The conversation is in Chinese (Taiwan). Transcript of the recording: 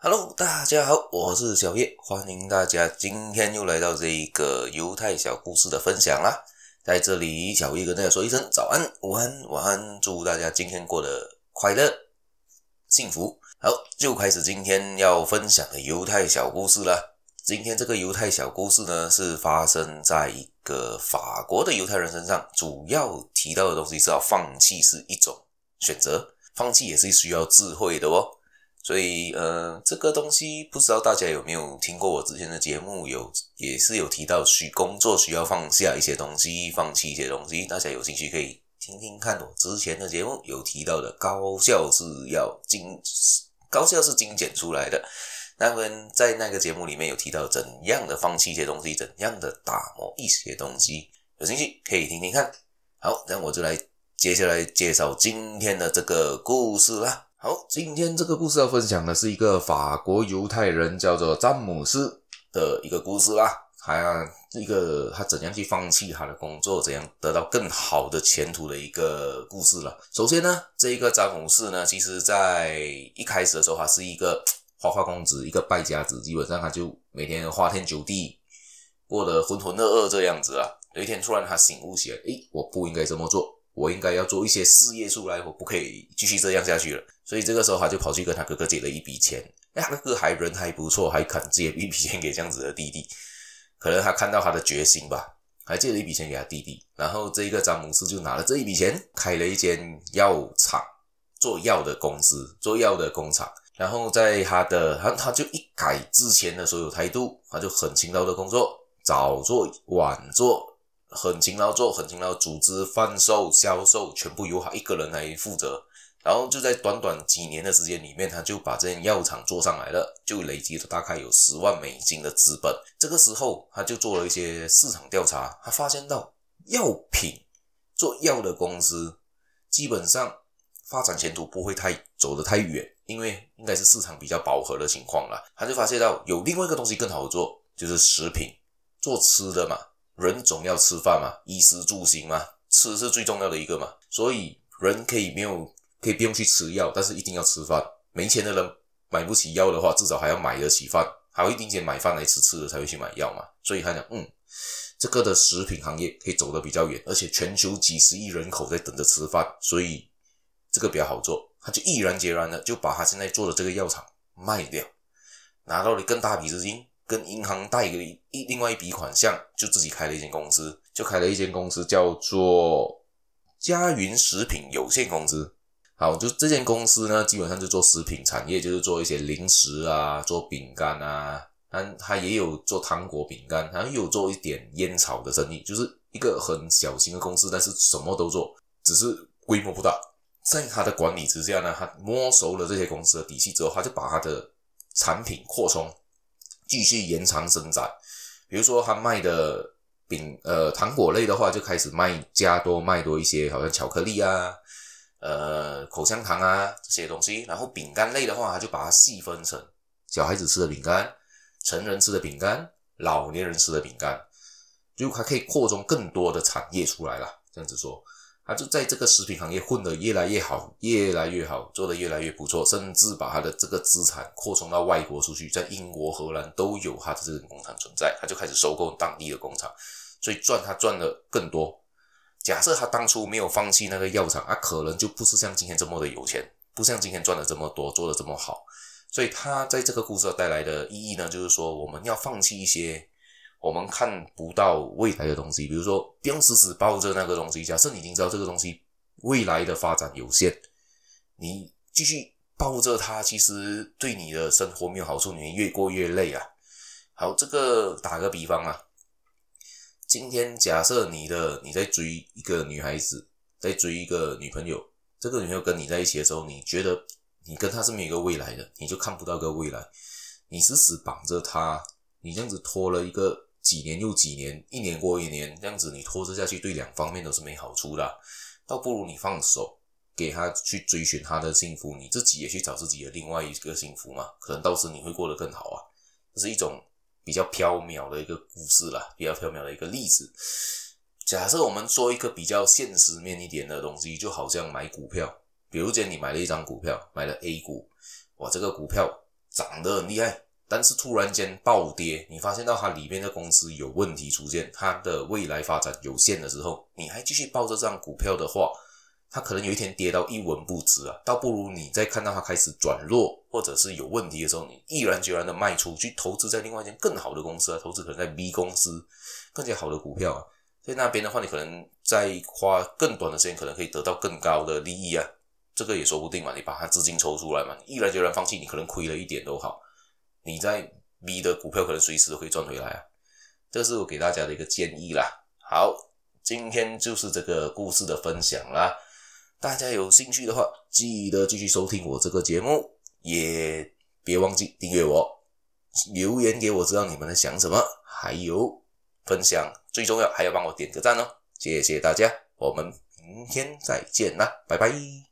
Hello，大家好，我是小葉，歡迎大家今天又來到這個猶太小故事的分享啦。在這裡，小葉跟大家說一聲早安、午安、晚安，祝大家今天過得快樂、幸福。好，就開始今天要分享的猶太小故事了。今天這個猶太小故事呢，是發生在一個法國的猶太人身上，主要提到的東西是要放棄是一種選擇，放棄也是需要智慧的哦。所以，呃，這個東西不知道大家有沒有聽過，我之前的節目有也是有提到，需工作需要放下一些東西，放棄一些東西。大家有興趣可以聽聽看我之前的節目有提到的，高效是要精，高效是精簡出來的。那麼在那個節目裡面有提到怎樣的放棄一些東西，怎樣的打磨一些東西。有興趣可以聽聽看。好，那我就來接下來介紹今天的這個故事啦。好，今天這個故事要分享的是一個法國猶太人叫做詹姆斯的一個故事啦，還、啊、一個、這個他怎樣去放棄他的工作，怎樣得到更好的前途的一個故事了。首先呢，這一個詹姆斯呢，其實在一開始的時候，他是一個花花公子，一個敗家子，基本上他就每天花天酒地，過得渾渾噩噩這樣子啊。有一天突然他醒悟起來，誒，我不應該這麼做。我應該要做一些事業出來，我不可以繼續這樣下去了。所以這個時候，他就跑去跟他哥哥借了一筆錢。哎，他哥還人還不錯，還肯借一筆錢給這樣子的弟弟。可能他看到他的決心吧，還借了一筆錢給他弟弟。然後這一個詹姆斯就拿了這一筆錢，開了一間藥廠，做藥的公司，做藥的工廠。然後在他的，他他就一改之前的所有態度，他就很勤勞的工作，早做晚做。很勤勞做，很勤勞組織販售銷售，全部由他一個人來負責。然後就在短短幾年的時間裡面，他就把這間藥廠做上來了，就累積了大概有十萬美金的資本。這個時候，他就做了一些市場調查，他發現到藥品做藥的公司基本上發展前途不會太走得太遠，因為應該是市場比較飽和的情況啦。他就發現到有另外一個東西更好做，就是食品做吃的嘛。人總要吃飯嘛，衣食住行嘛，吃是最重要的一個嘛。所以人可以沒有，可以不用去吃藥，但是一定要吃飯。沒錢的人買不起藥的話，至少還要買得起飯，還有一丁點買飯來吃吃的才會去買藥嘛。所以他講，嗯，這個的食品行業可以走得比較遠，而且全球幾十億人口在等着吃飯，所以這個比較好做。他就毅然決然的就把他現在做的這個藥廠賣掉，拿到了更大筆資金。跟銀行貸了一個另外一筆款項，就自己開了一間公司，就開了一間公司叫做佳雲食品有限公司。好，就這間公司呢，基本上就做食品產業，就是做一些零食啊，做餅乾啊，他它也有做糖果餅乾，還有做一點煙草的生意，就是一個很小型的公司，但是什麼都做，只是規模不大。在他的管理之下呢，他摸熟了這些公司的底細之後，他就把他的產品擴充。繼續延長生長，比如說他賣的餅，呃糖果類的話就開始賣加多賣多一些，好像巧克力啊，呃口香糖啊這些東西。然後餅乾類的話，他就把它細分成小孩子吃的餅乾、成人吃的餅乾、老年人吃的餅乾，就還可以擴充更多的產業出來了。這樣子說。他就在這個食品行業混得越來越好，越來越好，做得越來越不錯，甚至把他的這個資產擴充到外國出去，在英國、荷蘭都有他的這個工廠存在。他就開始收購當地的工廠，所以賺他賺得更多。假設他當初沒有放棄那個藥廠，他可能就不是像今天這麼的有錢，不像今天賺的這麼多，做得這麼好。所以他在這個故事帶來的意義呢，就是說我們要放棄一些。我們看不到未來的東西，比如說，不用死死抱着那個東西。假設你已經知道這個東西未來的發展有限，你繼續抱着它，其實對你的生活沒有好處，你會越過越累啊。好，這個打個比方啊，今天假設你的你在追一個女孩子，在追一個女朋友，這個女朋友跟你在一起的時候，你覺得你跟她是沒有一個未來的，你就看不到個未來，你死死綁着她，你這樣子拖了一個。幾年又幾年，一年過一年，這樣子你拖着下去，對兩方面都是沒好處的啊。倒不如你放手，給他去追尋他的幸福，你自己也去找自己的另外一個幸福嘛。可能到時你會過得更好啊。這是一種比較飄渺的一個故事了，比較飄渺的一個例子。假設我們做一個比較現實面一點的東西，就好像買股票，比如說你買了一張股票，買了 A 股，哇，這個股票漲得很厲害。但是突然間暴跌，你發現到它裡面的公司有問題出現，它的未來發展有限的時候，你還繼續抱着這張股票的話，它可能有一天跌到一文不值啊。倒不如你在看到它開始轉弱或者是有問題的時候，你毅然決然的賣出去，投資在另外一間更好的公司啊，投資可能在 B 公司更加好的股票啊，在那邊的話，你可能在花更短的時間，可能可以得到更高的利益啊，這個也說不定嘛。你把它資金抽出來嘛，你毅然決然放棄，你可能虧了一點都好。你在 B 的股票可能隨時都可以賺回來啊，這是我給大家的一個建議啦。好，今天就是這個故事的分享啦。大家有興趣的話，記得繼續收聽我這個節目，也別忘記訂閱我，留言給我知道你們在想什麼，還有分享最重要，還要幫我點個讚哦。謝謝大家，我們明天再見啦，拜拜。